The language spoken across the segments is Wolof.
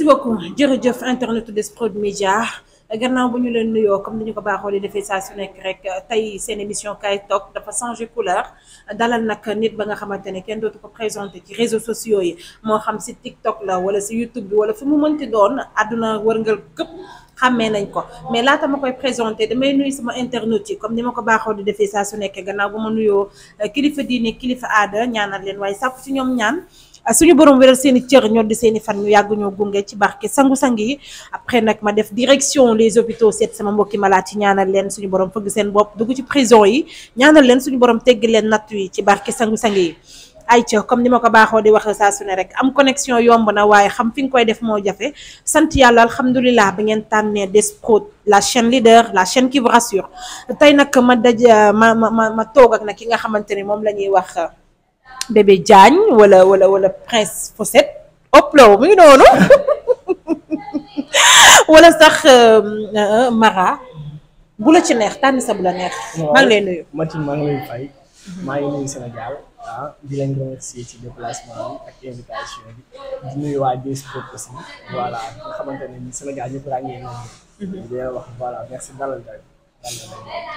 merci beaucoup jërëjëf internet des Prod Media gannaaw bu ñu leen nuyoo comme ni ñu ko baaxoo di defee saa su nekk rek tey seen émission kaay toog dafa changé couleur dalal nag nit ba nga xamante ne kenn dootu ko présenté ci réseaux sociaux yi moo xam si TikTok la wala si YouTube bi wala fu mu mënti doon àdduna wërngal këpp xàmmee nañ ko mais laata ma koy présenté damay nuyu sama internet yi comme ni ma ko baaxoo di defee saa su nekk gannaaw bu ma nuyoo kilifa diine kilifa aada ñaanal leen waaye sàkku ci ñoom ñaan. Ah, suñu borom wéral seen i cër ñoo di seeni fan ñu yàgg ñoo gunge ci barke sangu-sang yi après nag ma def direction les hôpitaux seet sama mbokki malaat yi ñaanal leen suñu borom fëgg seen bopp dugg ci prison yi ñaanal leen suñu borom tegg leen natt yi ci barke sangu-sang yi ayca comme ni ma ko baaxoo di waxee saa su ne rek am connexion yomb na waaye xam fi nga koy def moo jafe sant yàlla alhamdulilah ba ngeen tànnee des Prod la chaîne leader la chaîne qui vous rassure tey nag ma daj ma ma ma toog nag ki nga xamante ni moom la ñuy wax bébé Diagne wala wala wala prince Fossette oplo mu ngi noonu wala sax euh, euh, Mara bu la ci neex tànn sa bu la neex. maa ngi lay nuyu. Mathilde maa ngi lay fay. maa ngi nuyu Sénégal ah di leen remercier ci déplacement ak invitation bi di nuyu waa DS Prod aussi nga xamante ne Sénégal ñëpp ràññee nañu. Mhm. di leen wax voilà merci dalal daal.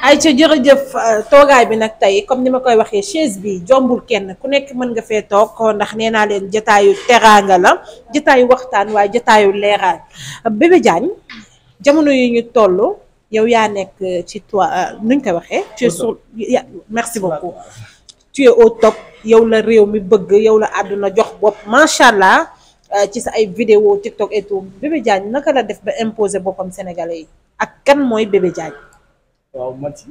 ay ca jërëjëf euh, toogaay bi nag tey comme ni ma koy waxee chaise bi jombul kenn ku nekk mën nga fee toog ndax nee naa leen jataayu teraanga la jataayu waxtaan waaye jataayu leeraay Bébé Diagne jamono yi ñu toll yow yaa nekk euh, ci toi euh, nuñ koy waxee tu es sur merci beaucoup tu es au yow la réew mi bëgg yow la àdduna jox bopp macha allah ci sa ay vidéo TikTok et tout Bébé Diagne naka la def ba imposer boppam sénégalais yi ak kan mooy Bébé waaw Mati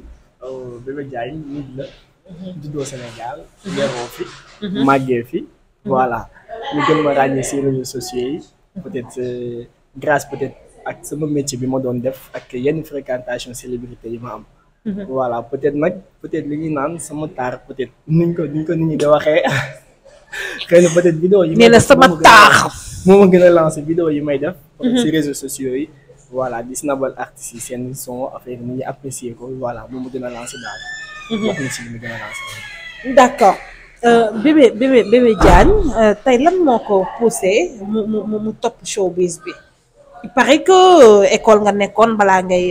Bébé Diagne nit la. Mhm. juddoo Sénégal. Mhm. fi. Mhm. màggee fi. voilà ñu gën ma ràññee si réseaux sociaux yi. peut-être euh, grâce peut ak sama métier bi ma doon def ak yenn fréquentation célébrité yi ma am. voilà peut-être nag peut-être li ñuy naan sama taar peut-être niñ ko nu ko nit ñi di waxee xëy na peut-être vidéo yi. nee na sama taar moo ma gën a lancé vidéo yi may def. si réseaux sociaux yi. voilà di snabal artistes yi seen son affaire yi ñu apprécier ko voilà moom mu gën a lancé daal. wax mhm. na si li mu gën a lancé. accord euh, bébé euh, tey lan moo ko poussé mu mu mu topp showbiz bi il que euh, école nga nekkoon balaa ngay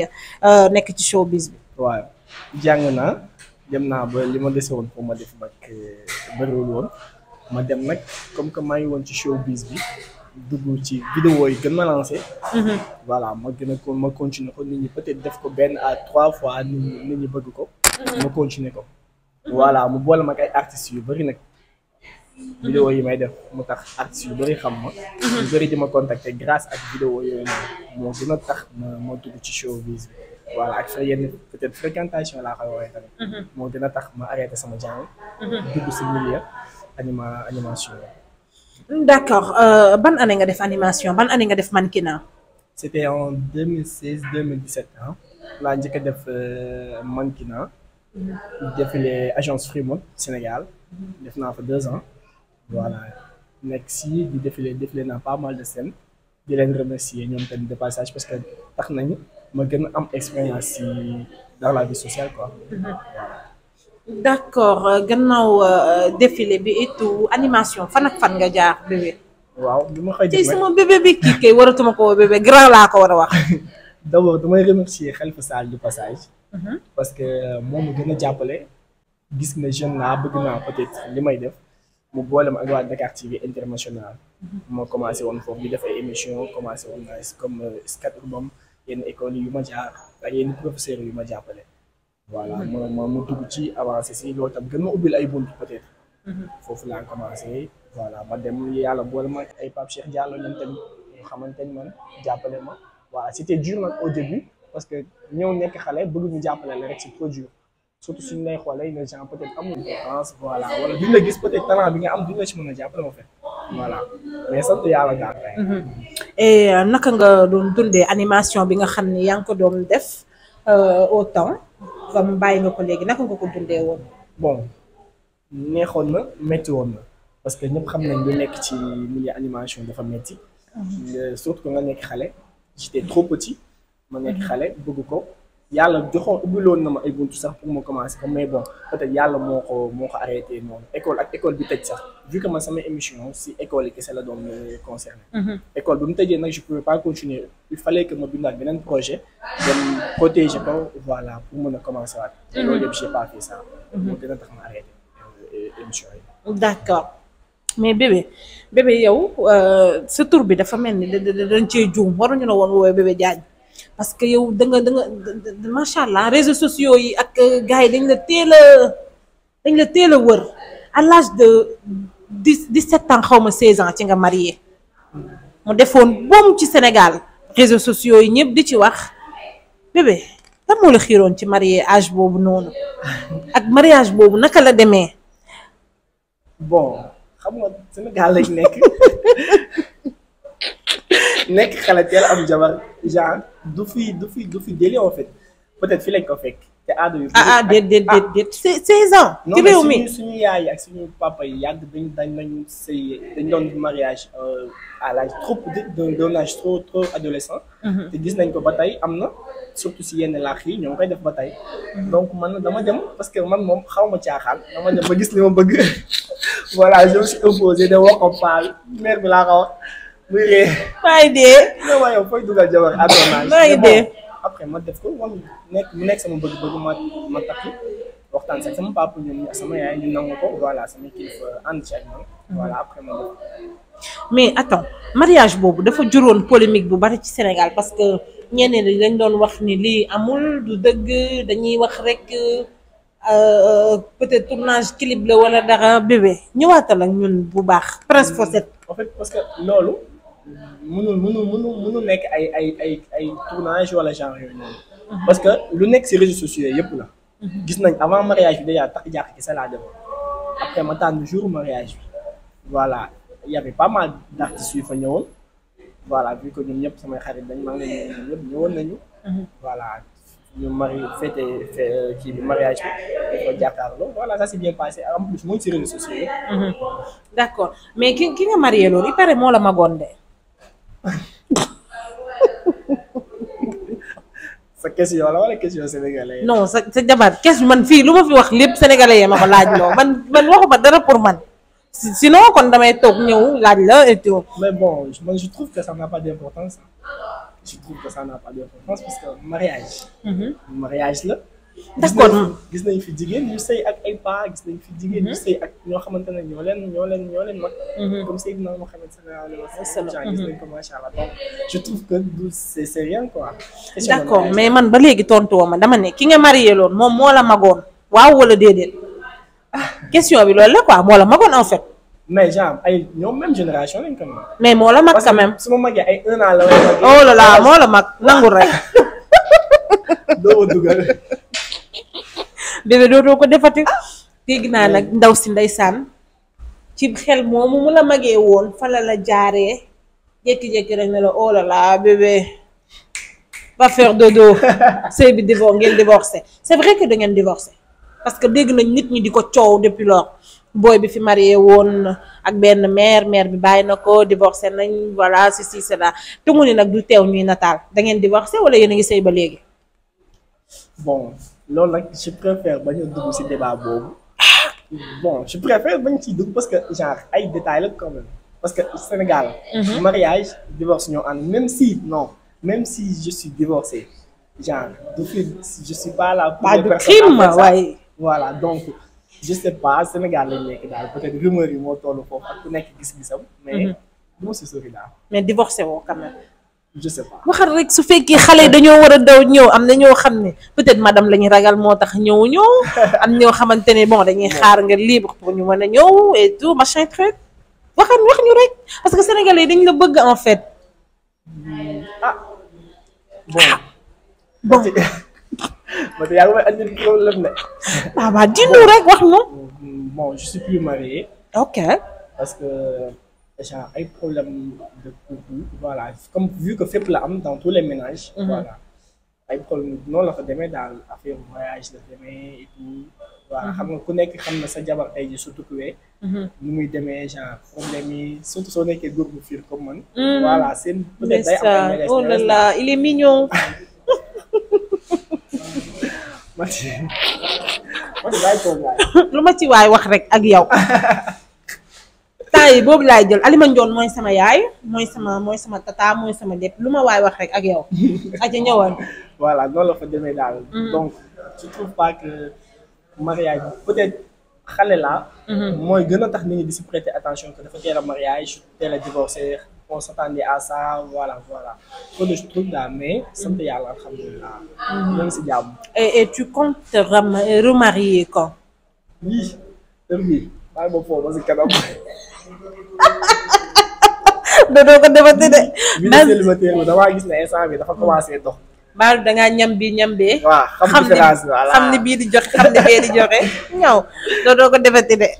nekk ci showbiz bi. waaw jàng naa dem naa ba li ma dese woon pour ma def bac bëriwul woon ma dem nag comme que maa ngi woon ci showbiz bi. dugg ci vidéo yi gën na lancé. Mhm. voilà ma gën a ko ma continuer ko nit ñi peut-être def ko benn à trois fois nit ñi nit bëgg ko. Mhm. ma continuer ko. Mhm. voilà mu boole ma ak ay artistes yu bëri nag. vidéo yi may def mu tax artistes yu bëri xam ma. yu bëri di ma contacter grâce ak vidéo yooyu moo gën a tax ma ma dugg ci showbiz bi. voilà ak sa yenn peut-être fréquentation laa koy woowee tamit. moo gën a tax ma arrêté sama jàng. dugg si milieu anima animation d'accord euh, ban année nga def animation ban année nga def mannequinat. c'était en 2016 2017 ah laa njëkk a def euh, mannequinat mhm. défilé agence Fremont Sénégal def naa fa deux ans voilà nekk si di défilé défilé naa pas mal de scènes di leen remercier ñoom tamit de passage parce que tax nañu ma gën am expérience si dans la vie sociale quoi. Mhm. d'accord euh, gannaaw euh, euh, défilé bi et tout animation fan ak fan nga jaar bébé. waaw bi ma xëy ci sama bébé bi ko bébé laa ko war a wax. d'abord damay remercier Khalifa Sall du passage. Mhm. parce que moom mu gën a jàppale. gis na jeune naa bëgg naa li may def mu boolem ma ak waa Dakar TV international. Mhm. moo commencé woon foofu di def ay émissions commencé woon comme skat moom yenn école yu ma jaar ak yenn professeurs yu ma jàppale. waa ma ma ma dugg ci avancé si loolu tam gën ma ubbil ay bunt peut-être. Mhm. foofu laa commencé. voilà ma dem yàlla boole ma ay Pape Cheikh Diallo ñoom tamit nga xamante ni man jàppale ma voilà c'était dur nag au début parce que ñëw nekk xale bëgg ñu jàppale la rek ci trop dur surtout suñu lay xoolee les gens peut-être amul dépense voilà wala duñ la gis peut-être talent bi nga am duñ la ci mën a jàppale ma fekk voilà mais sant yàlla daal. Mhm. et euh, naka nga doon dundee animation bi nga xam ni yaa ngi ko doon def euh, au nga mu bàyyi nga ko léegi naka nga ko dundee woon. bon neexoon na métti woon na parce que ñëpp xam nañ lu nekk ci milieu animation dafa métti. Ah. Euh, surtout que nga nekk xale. j'étais trop petit ma nekk mm-hmm. xale bëgg ko. yàlla joxoon ubbiloon na ma ay buntu sax pour ma commencer comme mais bon peut-être yàlla moo ko moo ko arrêté noonu école ak école bi tëj sax vu que man sama émission si école yi kese la doon concerné mhm. école bi nag ma bindaat beneen projet dem protéger ko voilà pour mën a commencer waat mhm. mhm. ma arrêté euh, émission mais bébé bébé yow euh, sa bi dafa mel ni dañ cee juum waruñu la woon woowee bébé Diagne parce que yow da nga da macha allah réseaux sociaux yi ak euh, gars yi dañ la teel a dañ la teel a wër à l'âge de dix dix sept ans xaw ma seize ans ci nga marié mu defoon boom ci Sénégal réseaux sociaux yi ñëpp di ci wax bébé lan moo la xiiroon ci marié age boobu noonu ak mariage boobu naka la demee. bon xam nga Sénégal lañ nekk. nekk xale teel am jabar genre du fi du fi du fi délai en fait peut-être fi lañ ko fekk te aada yu. ah ah déet déet déet déet seize ans. mi suñu yaay ak suñu papa yi yàgg dañ dañ dañ sëy dañ doon mariage euh, à l'âge trop trop adolescent mhm. te gis nañ ko ba tey am na surtout si yenn laax yi ñoo ngi koy def ba tey donc man na dama dem parce que man moom xaw ma caaxaan dama dem ba gis li ma bëgg voilà je me suis opposé de paal mère bi laa ko muy ree maa ngi dee. nekk mu nekk sama ma ma takk waxtaan sax ko voilà sama kilifa ànd boobu dafa juróon polémique bu bari ci Sénégal parce que ñeneen ñi dañ doon wax ni lii amul du dëgg dañuy wax rek peut-être tournage clip la wala dara bébé ñëwaatal ak ñun bu baax. presque foofu en parce que loolu. mënul mënul mënul mënul nekk ay ay ay ay tournage wala genre yooyu parce que lu nekk si réseaux sociaux yëpp la. gis nañ avant mariage bi déjà tax jàq kese laa dem après ma tànn jour mariage bi voilà y avait pas mal voilà vu que ñun ñëpp samay xarit dañ maa nañu. voilà ñu mari fête kii bi mariage bi dañ ko jàkkaarloo voilà ça s'est bien passé en plus mooy si réseaux sociaux d'accord mais ki ki nga marié loolu il paraît moo la magoon de. sa question la wala question sénégalais non sa sa jabar question man fii lu ma fi wax lépp sénégalais yi ma ko laaj loo man man waxuma dara pour man sinon kon damay toog ñëw laaj la et tout. bon man je trouve que ça n'a pas d'importance je parce que mariage. Mm-hmm. mariage la. d'accord gis nañ fi jigéen ñu sëy ak ay paa gis nañ fi jigéen ñu mhm. sëy ak ñoo xamante ne ñoo leen ñoo leen ñoo leen mag mhm. comme Seydina Mohamed sallallahu alayhi wa ko mhm. macha allah donc je trouve que du mais man ba léegi tontu woo ma dama ne ki nga marié loon moom moo la magoon waaw wala déedéet question bi loolu la quoi moo la magoon en fait mais genre ay ñoom même génération lañ ko mag mais moo la mag quand même su ma magee ay un an la oh moo la mag nangul rek bébé ko defati ah, dégg naa nag ndaw si ndeysaan ci xel moomu mu la magee woon fala la jaaree jékki-jékki rek ne la oh là là bébé va faire dodo sëy bi divorce ngeen divorcé c'est vrai que da ngeen parce que dégg nañ nit ñi di ko coow depuis lors booy bi fi marie woon ak benn mère mère bi bàyyi na ko divorcé nañ voilà si si c'est là te mu ne nag du teew ñuy nataal da ngeen divorcé wala yéen a ngi sëy ba léegi loolu nag je préfère bañ a dugg si débat boobu bon je préfère bañ ciy parce que genre ay détails la quand même parce que Sénégal. Mhm. mariage divorce ñoo ànd même si non même si je suis divorcé genre du pa je suis pas là. pour les personnes waaye. voilà donc je sais pas Sénégal lañ nekk daal peut-être rumeur yi moo toll foofu ak ku nekk gis-gisam. mais mhm. du sori daal. mais divorcé woo quand même. je waxal rek su fekkee xale yi dañoo war daw ñëw am na ñoo xam ne peut-être madame la ñuy ragal moo tax ñëw ñëw am ñoo xamante ne bon dañuy xaar nga libre pour ñu mën a ñëw et tout machin truc waxal wax ñu rek parce que sénégalais dañ la bëgg en fait. ah bon ah. bon. Mati ah, rek wax ñu. bon je parce que. déjà ay problème de couple voilà comme vu que fépp la am dans tous les ménages. Mhm. ay problème noonu la fa demee daal affaire voyage la demee et tout. Mhm. xam nga ku nekk xam na sa jabar tey ji surtout kuwee. Mhm. nu muy demee genre problème yi surtout soo nekkee góor fiir comme man. voilà seen peut-être day ay oh là là il est mignon. ma ci waay wax rek ak yow. temps yi boobu laay jël Alima Ndione mooy sama yaay mooy sama mooy sama tata mooy sama lépp lu ma waay wax rek ak yow. aja ñëwoon. voilà loolu la fa demee daal. Mhm. donc je trouve pas que mariage peut-être xale laa. Mhm. mooy gën a tax nit ñi di si prêter attention que dafa teel a mariage teel a divorcé on s'attendait à ça voilà voilà peu de trucs là mais sant yàlla alhamdulilah. Mhm. ñoo si jàmm. tu comptes remarier quand. oui heure bii maa ngi bokk foofu ba si dootoo ko defati de. man célibataire damaa gis ne instant bi dafa commencé dox. maa da ñam bi ñam bee. waaw xam différence bi xam ni bii di joxe xam ni bee di joxe ñaw dootoo ko defati de.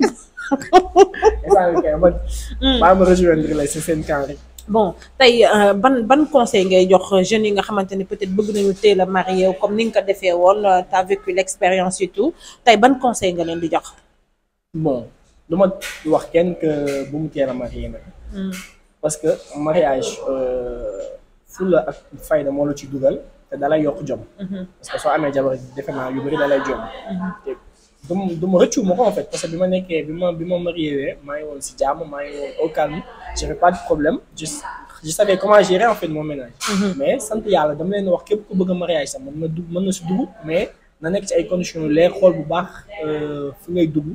instant bi kay man. Mm. maa ma rejoindre la si seen camp bon tey euh, ban ban conseil ngay jox jeunes yi nga xamante ne peut-être bëgg nañu teel a marié comme ni nga ko defee woon euh, t'as vécu l'expérience et tout tey ban conseil nga leen di jox. bon. du ma wax kenn que bu mu teel a marié hmm. parce que mariage euh, fulla ak fayda moo la ci dugal te dalay yokk jom hmm. parce que soo amee jabar defe naa yu bëri dalay jom hmm. te ma du ma rëccu ma ko en fait parce que bi ma nekkee bi ma bi ma marié maa ngi woon si jàmm maa ngi woon au calme j'avais pas de problème juste je savais comment gérer en fait mon ménage mais sant yàlla dama leen wax képp ku bëgg mariage sax mën ma dugg mën na si dugg mais na nekk ci ay conditions leer xool bu baax euh, fu ngay dugg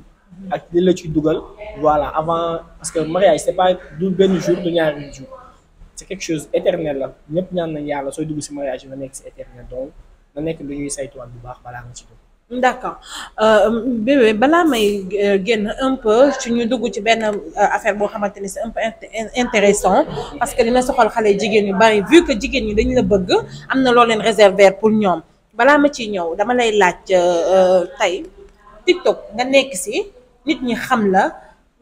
ak li la ci dugal voilà avant parce que mariage c'est pas du benn jour du ñaari jour c'est quelque chose éternel la ñëpp ñaan nañ yàlla sooy dugg si mariage bi nekk si éternel donc na nekk lu ñuy saytuwaat bu baax balaa nga ci dugg d'accord euh, bébé may euh, génn un peu ci dugg ci benn euh, affaire boo xamante ni c'est un peu intéressant parce que dina soxal xale jigéen yu bari vu que jigéen ñi dañu la bëgg am na loo leen réserver pour ñoom balaa ma ciy ñëw dama lay laaj tey TikTok nga nekk si nit ñi xam la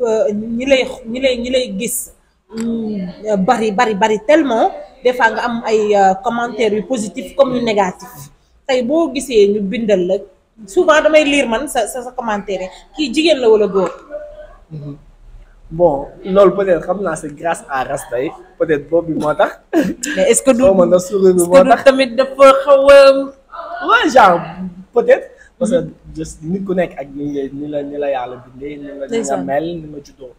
euh, ñi lay ñi lay ñi lay gis euh, bari bari bari tellement des fois nga am ay euh, commentaires yu positif comme yu négatif tey boo gisee ñu bindal la souvent damay liir man sa sa commentaire kii jigéen la wala góor. Mhm. bon loolu peut-être xam naa c'est grâce à Rasta yi être boobu moo tax. mais est-ce que doom xaw ma na tamit dafa xaw a. waaw parce que just nit ku nekk ak ni ni la ni la yàlla bindee ni la ni nga mel ni ma juddoo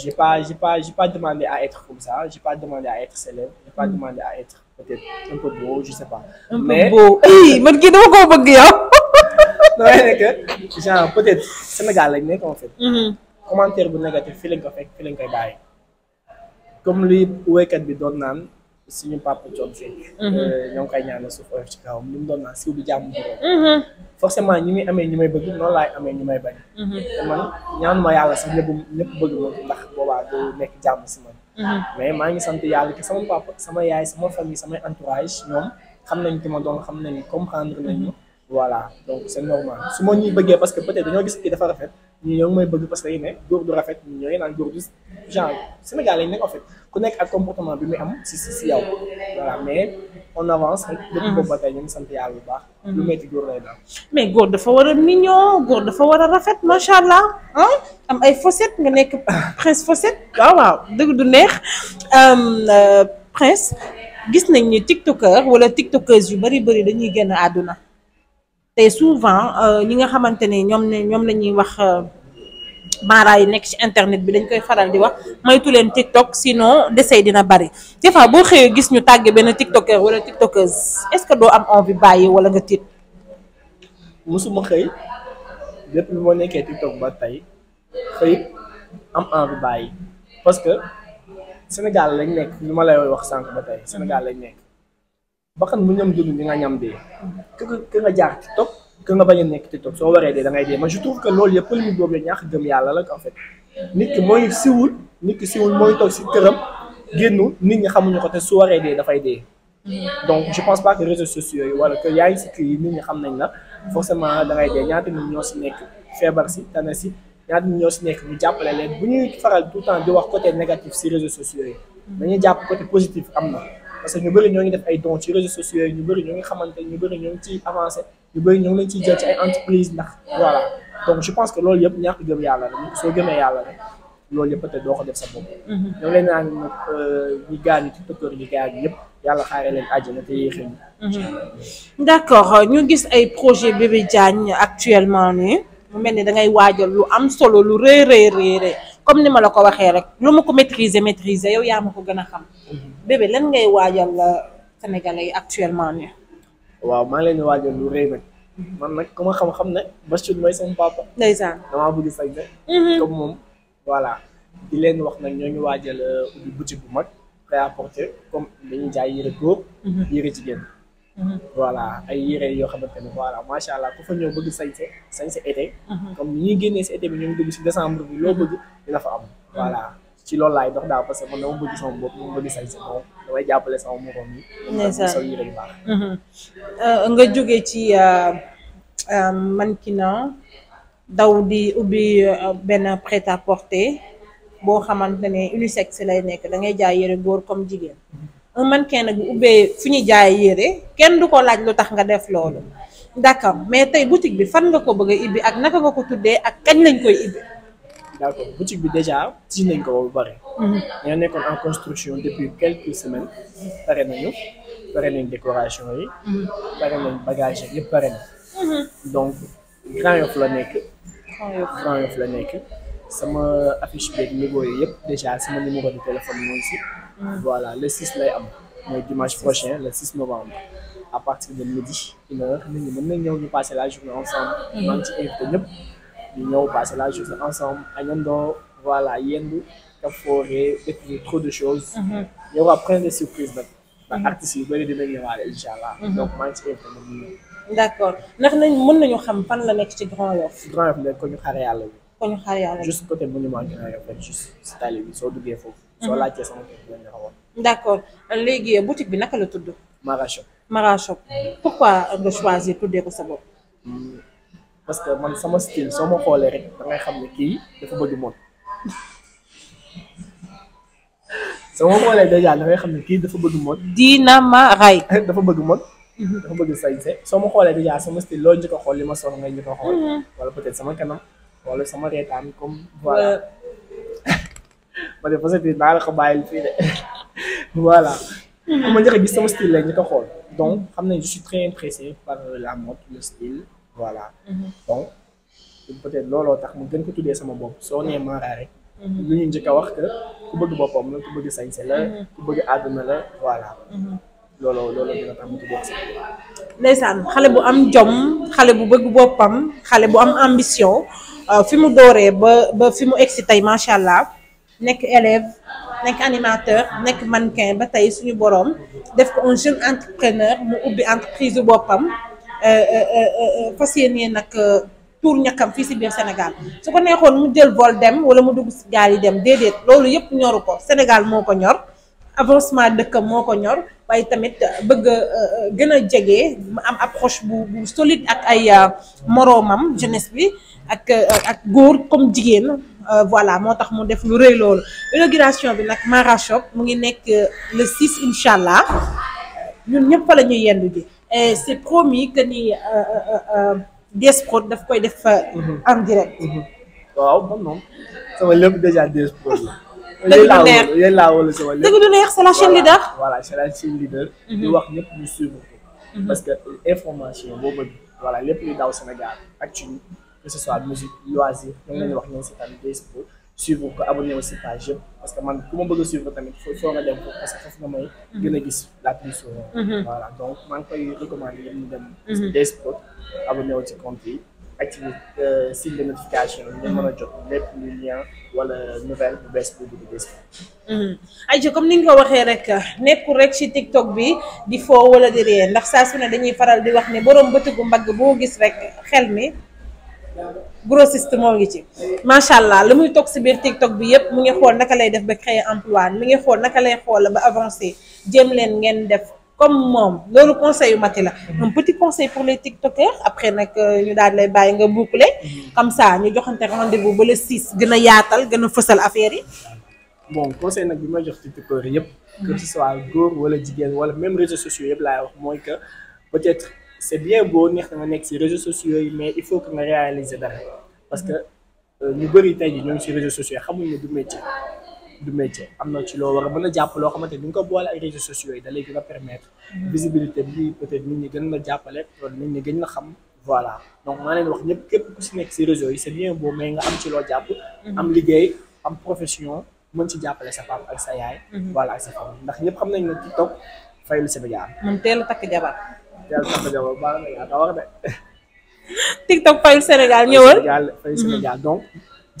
j'ai pas j'ai pas j'ai pas demandé à être comme ça j'ai pas demandé à être célèbre j'ai pas mm. demandé à être peut-être un peu beau je sais pas. un mais... peu beau man kii dama koo bëgg yow. damay nekk genre peut-être Sénégal lañ nekk en fait. Mm-hmm. commentaire bu négatif fii lañ ko fekk fii lañ koy bàyyi. comme li wéykat bi doon naan. suñu papa Thione mhm. euh, Seck. ñoo ngi koy ñaanal suuf oyof ci kawam li doon naan siiw bi jàmm borom. Mhm. forcément ñi muy amee ñi may bëgg noonu laay amee ñi may bañ. Mhm. te man ñaanuma yàlla sax ñëpp ñëpp bëgg ma ndax boobaa du nekk jàmm si man. mais maa ngi sant yàlla te sama papa sama yaay sama famille samay entourage ñoom xam nañ ki ma doon xam nañ comprendre nañ voilà donc c'est normal su ma ñuy bëggee parce que peut-être gis kii dafa rafet. ñi ñoo ngi bëgg parce que dañuy ne góor du rafet ñi ñooy naan góor du genre Sénégal lañ nekk en ku nekk ak comportement bi muy am si si si yow voilà mais on avance rek depuis mm-hmm. boobu ba ñu ngi sant yàlla bu baax lu mais góor dafa war a mignon góor dafa war a rafet macha allah am ay fossette nga nekk prince fossette waaw waaw dëgg du neex euh, prince gis nañ ni tiktokeur wala tiktokeuse yu bari bari dañuy génn àdduna tey souvent euh, ñi nga xamante ne ñoom ne ñoom la ñuy wax mara euh, yi nekk ci internet bi dañ koy xaral di wax maytu leen TikTok sinon desey dina bari des fois boo xëyee gis ñu tàgge benn tiktoker wala tiktokeuse est-ce que doo am envie bàyyi wala nga tiit. musuma xëy lépp bi moo nekkee TikTok ba tey xëy am envie bàyyi parce que Sénégal lañ nekk li ma lay wax sànq ba tey Sénégal lañ nekk. bakkan bu ñam jëlu di nga ñam dee ku jaar ci topp ku bañ nekk ci topp soo waree dee da ngay dee man je loolu yëpp pël mi boobu la ñàkk yàlla la en nit ki mooy siwul nit ki siwul mooy toog si këram génnu nit ñi xamuñu ko su waree dee dafay dee donc je pense pas que réseaux wala que yaa ngi si kii yi nit ñi xam nañ la forcément da ngay dee ñaata nit ñoo si nekk feebar si tane si ñaata nit ñoo si nekk ñu jàppale leen bu ñuy faral tout le temps di wax côté négatif si réseaux sociaux yi dañuy jàpp côté positif am na parce que ñu bëri ñoo ngi def ay dons ci réseaux sociaux yi ñu bëri ñoo ngi xamante ñu bëri ñoo ngi ciy avancé ñu bëri ñoo ngi leen ciy jël ci ay entreprise ndax voilà donc je pense que loolu yëpp ñàkk gëm yàlla la soo gëmee yàlla la loolu yëpp peut-être doo ko def sa bopp. Mm-hmm. ñoo leen ñu euh, ñi gaañ ci tiktokeur ñi gaañ yëpp yàlla xaare leen àjjana te yéexee ñu. Mm-hmm. d'accord ñu gis ay projet Bébé Diagne actuellement nii mu mel ni da ngay waajal lu am solo lu rëy rëy rëy comme ni ma la ko waxee rek lu ma ko maîtriser maitriser yow yaa ma ko gën a xam. bébé lan ngay waajal euh, Sénégalais yi actuellement nii. waaw maa ngi leen di waajal lu rëy nag. man nag ku xam-xam ne Bachir mooy seen papa. ndeysaan damaa bëgg sañ ne. Mhm. comme moom voilà di leen wax nag ñoo ñu waajal euh, ubbi bu mag prêt à porter comme dañuy jaay yére góor. Mhm. yére jigéen. Mm-hmm. voilà ay yére yoo xamante ne voilà macha allah ku fa ñëw bëgg sañse sañse été. Mm-hmm. comme ni ñuy génnee si été bi ñu dugg si décembre bi loo bëgg dina fa am. Mm-hmm. voilà ci loolu laay dox daal parce que man dama bëgg sama bopp mu bëgg sañse moom damay jàppale sama moroom yi. ndeysaan sol yére euh, nga jóge ci euh, euh, mannequinat ah, daw di ubbi benn prêt à boo xamante ne unisexe lay nekk da ngay jaay yére góor comme jigéen. un mannequin nag bu ubbee fu ñu jaay yére kenn du ko laaj lu tax nga def loolu d'accord mais tey boutique bi fan nga ko bëgg a ibbi ak naka nga ko tuddee ak kañ lañ koy ibbi. ko boutique bi déjà tij nañ ko bu bare. Mhm. ñoo nekkoon en construction depuis quelques semaines pare nañu pare nañ décoration yi. pare mhm. yëpp pare na. Mhm. donc Grand Yoff la nekk. Grand Yoff la nekk sama affiche beeg niveau yi yëpp déjà sama numéro de téléphone mooy si. voilà le 6 lay am mooy dimanche prochain le 6 novembre à partir de midi une heure nit ñi mën nañ ñëw ñu passer la journée ensemble mm-hmm. maa ngi ci invité ñëpp ñu ñëw passer la journée ensemble añandoo voilà yendu kafoore découvrir trop de choses il mm-hmm. y aura plein de surprises nag ndax mm-hmm. artistes yu bëri dinañ ñëwaale incha allah donc maa ngi ci invité ñëpp ñu ñëw d'accord nañ mën nañu xam fan la nekk ci Grand Yoff ko ñu xaar yàlla bi ko ñu xaar yàlla bi juste côté monument Grand Yoff rek juste si tali bi soo duggee foofu soo mhm. laajtee sama kër gi lañ la accord léegi euh, boutique bi naka la tudd. Mara Shop. Mara Shop pourquoi nga choisir tuddee ko sa bopp. Hmm, parce que man sama style soo ma xoolee rek da xam ne kii dafa bëgg moom xoolee dèjà da ngay xam ne kii dafa bëgg moom. dina ma ray. dafa bëgg moom. Mhm. dafa bëgg sañse soo ma xoolee dèjà sama style loo njëkk xool li ma soxla ngay njëkk a xool. Mhm. wala peut-être sama kanam wala sama reetaan comme voilà. ma ne Fassé fii naa la ko bàyyil fii de voilà. ku ma a gis sama style la ko xool donc xam nañ je suis très intéressé par la voilà. Mhm. donc looloo tax mu gën ko tuddee sama bopp soo nee Mara rek. Mhm. lu ñu njëkk a wax que ku bëgg boppam la ku bëgg sañse la mhm. ku bëgg àdduna la voilà. loolu loolu dina tax mu tuddee sama xale bu am jom xale bu bëgg boppam xale bu am ambition euh, fi mu dooree ba ba fi mu egsi tey macha allah. nekk élève nekk animateur nekk mannequin ba tey suñu boroom def ko un jeune entrepreneur mu ubbi entreprise bu boppam euh, euh, euh, fas yéene nag tour ñakkam fii si biir Sénégal su ko neexoon mu jël vol dem wala mu dugg si gaal yi dem déedéet loolu yëpp ñoru ko Sénégal moo ko ñor avancement dëkkam moo ko ñor waaye tamit bëgg a gën a jege mu am approche bu bu solide ak ay moroomam jeunesse bi ak ak góor comme jigéen Euh, voilà moo tax mu def lu rëy loolu inauguration bi nag Mara Shop mu ngi nekk euh, le 6 incha allah ñun ñëpp fa la yendu ji et c' promis que ni euh, DS Prod daf koy def mm-hmm. en direct. Mm-hmm. waaw man moom sama lépp déjà DS Prod la. dëgg du neex yéen lépp dëgg du neex c' est la chaîne leader. voilà c' la chaîne leader. di wax ñëpp ñu suivre ko. Mm-hmm. parce que information boobu voilà lépp luy daw Sénégal actuellement. que la ñuy wax ngeen seetaan DS Prod suivre que man ku ma bëgg a suivre tamit foo foo nga dem mhm. a gis mhm. koy recommander yéen ñu dem mhm. DS Prod abonné wu ci compte yi activé euh, signe de a comme ni nga ko waxee rek nekku rek ci TikTok bi di foo wala di ndax saa su ne dañuy faral di wax ne borom bëtëgu mbagg boo gis rek xel mi grossiste moo ngi ci macha allah li muy toog si biir TikTok bi yëpp mu ngi xool naka lay def ba créer emploi mi ngi xool naka lay xool ba avancer jéem leen ngeen def comme moom loolu conseil yu mati la mm-hmm. un petit conseil pour les tiktokers après nag euh, ñu daal lay bàyyi nga boucler xam mm-hmm. saa ñu joxante rendez-vous ba le 6 gën a yaatal gën a fasal affaire yi bon conseil nag bi ma jox tiktokers yëpp que ce soit góor wala jigéen wala même réseaux sociaux yëpp laay wax mooy que c'est bien beau neex na nga nekk ci réseaux sociaux yi mais il faut que nga réaliser dara parce que euh, ñu bëri tey jii ñu ngi si réseaux sociaux yi xamuñ ne du métier du métier am na ci loo war a a jàpp loo xamante ni nga ko boole ak réseaux sociaux yi da lay gën bi peut-être nit ñi gën la jàppale loolu ñi gën la xam voilà donc maa ne wax ñëpp képp ku ci nekk ci réseau yi c'est bien boo mais nga am ci loo jàpp. Mhm. am liggéey am profession mën ci jàppale sa papa ak sa yaay. Mhm. voilà ak sa famille ndax ñëpp xam nañ ne TikTok fayul Sénégal. man teel a yàlla sax jabar baax na yaa ko wax de. TikTok fayu Sénégal ñëwal mhm.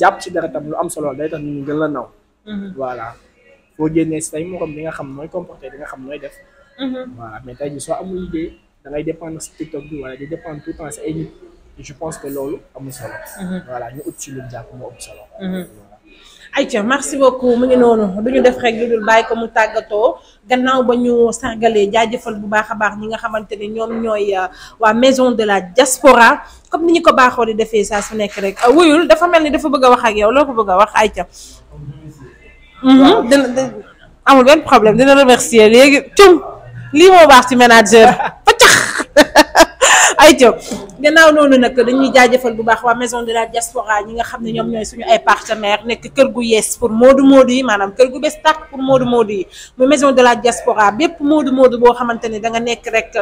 jàpp si dara tam lu am solo day tax ñu gën la naw. Mhm. voilà boo génnee si tey moo xam nga xam mooy comporté li nga xam nooy def. Mhm. voilà mais tey jii soo amul idée da ngay dépendre si TikTok bi wala di dépendre tout temps si ay je pense que loolu amul solo. voilà ñu ut si lu jàpp moo am solo. ay ayca merci beaucoup mu ngi noonu du ñu def rek lu dul bàyyi ko mu tàggatoo gannaaw ba ñu sargalee jaajëfal bu baax a baax ñi nga xamante ni ñoom ñooy euh, waa maison de la diaspora comme ni ñu ko baaxoo di defee saa su nekk rek euh, wuyul dafa mel ni dafa bëgg a wax ak yow loo ko bëgg a wax ay mhm. dina amul benn problème dina remercier léegi cum lii moo baax ci manager fa tax ayca. gannaaw noonu nag dañuy jaajëfal bu baax waa maison de la diaspora ñi nga xam ne ñoom ñooy suñu ay partenaires nekk kër gu yees pour Modou Modou yi maanaam kër gu bees tàkk pour Modou Modou yi mu maison de la diaspora bépp Modou Modou boo xamante ne da nekk rek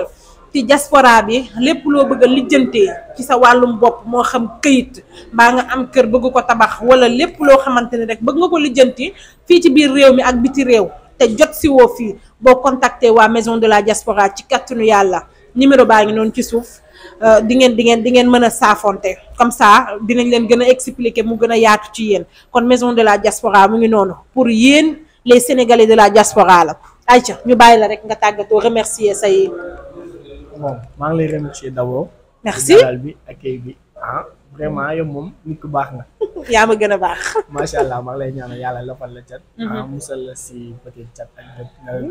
ci diaspora bi lépp loo bëgg a lijjantee ci sa wàllum bopp moo xam këyit mbaa nga am kër bëgg ko tabax wala lépp loo xamante ne rek bëgg nga ko lijjanti fii ci biir réew mi ak biti réew te jot si woo fii boo contacté waa maison de la diaspora ci kattanu yàlla numéro baa ngi noonu ci suuf Euh, di ngeen di ngeen di ngeen mën a saafonte comme saa dinañ leen gën a expliquer mu gën a yaatu ci yéen kon maison de la diaspora mu ngi noonu pour yéen les sénégalais de la diaspora la Aïcha ñu bàyyi la rek nga tàggatoo remercier say. moom maa ngi lay remercier d'abord. merci dalal bi accueil bi ah vraiment yow moom nit baax nga. yaa ma gën a baax. macha allah maa ngi lay ñaanal yàlla lafal la cat. Mhm. ah musal la si peut-être cat ak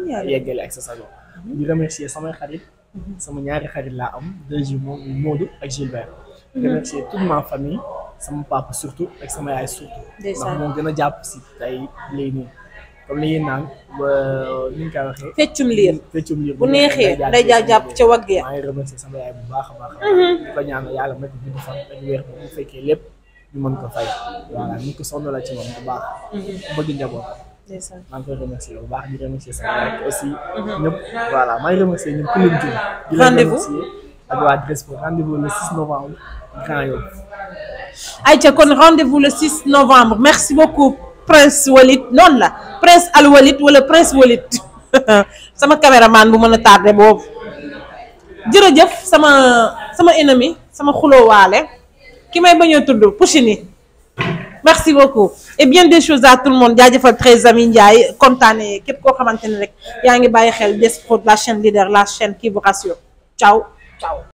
nga yeggale ak sa sago. di remercier samay xarit. Mm-hmm. sama ñaari xarit laa am deux jours moom Modou ak Gilbert. Mm-hmm. remercier toute ma famille sama papa surtout ak sama yaay surtout. ndax moom gën a jàpp si tey lay comme li ngeen naan ba ni ñu koy waxee. feccum liir bu neexee day jaa jàpp ca wagg ya. maa ngi sama yaay bu baax a baax. Mm-hmm. di ko ñaanal yàlla ma ko gudd fan ak weer bu fekkee lépp ñu mën ko fay. voilà ñu ko sonal la ci moom bu baax. bëgg njaboot. maa ngi koy bu baax di remercier sama rek mm-hmm. mm-hmm. maa ngi remercier ñëpp ku leen tudd. di leen remercier ak rendez-vous le 6 novembre rendez-vous le novembre merci beaucoup Prince Walid noonu la Prince Al Walid wala Prince Walid sama caméraman bu mën a tardé boobu. jërëjëf sama sama ennemi sama xuloowaale ki may bañoo a tudd Pouchini. merci beaucoup et bien des choses à tout le monde jaajëfal très ami ndiay kontaane képp koo xamante ne rek yaa ngi bàyyi xel des Prod la chaîne leader la chaîne qui vous rassure ciao ciao